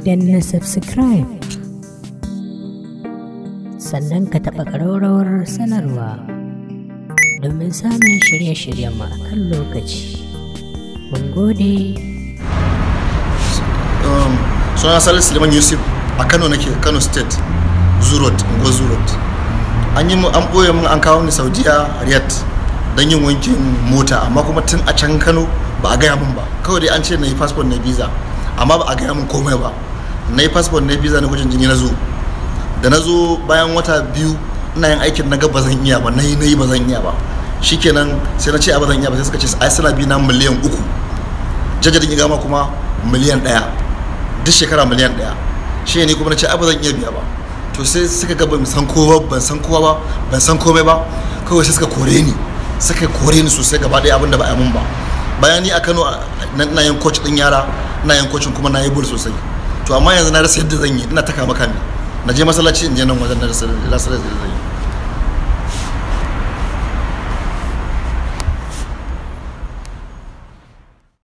na subscribe sannan ka taɓa ƙararrawar sanarwa domin samun shirye-shiryen mu kan lokaci mun gode um, suna salisu liman yusuf a kano nake kano state zurot ngo zurot an yi an ɓoye mun an kawo ni saudiya riyadh don yin wankin mota amma kuma tun a can kano ba a gaya min ba kawai dai an ce na yi fasfon na visa amma ba a gaya min komai ba na yi fasfon na visa na gwajin jini na zo da na zo bayan wata biyu ina yin aikin na ga ba zan iya ba na yi na yi ba zan iya ba shikenan sai na ce a ba zan iya ba sai suka ce ai suna bi na miliyan uku jajjadin igama kuma miliyan ɗaya duk shekara miliyan ɗaya shi ne kuma na ce a ba zan iya biya ba to sai suka ga ban san kowa ban san kowa ba ban san komai ba kawai sai suka kore ni suka kore ni sosai gaba ɗaya abinda ba a mun ba bayani a kano na yin coach ɗin yara na yin coaching kuma na yi bul sosai to amma yanzu na rasa yadda zan yi ina taka maka na je masallaci in je nan wajen na rasa yadda zan yi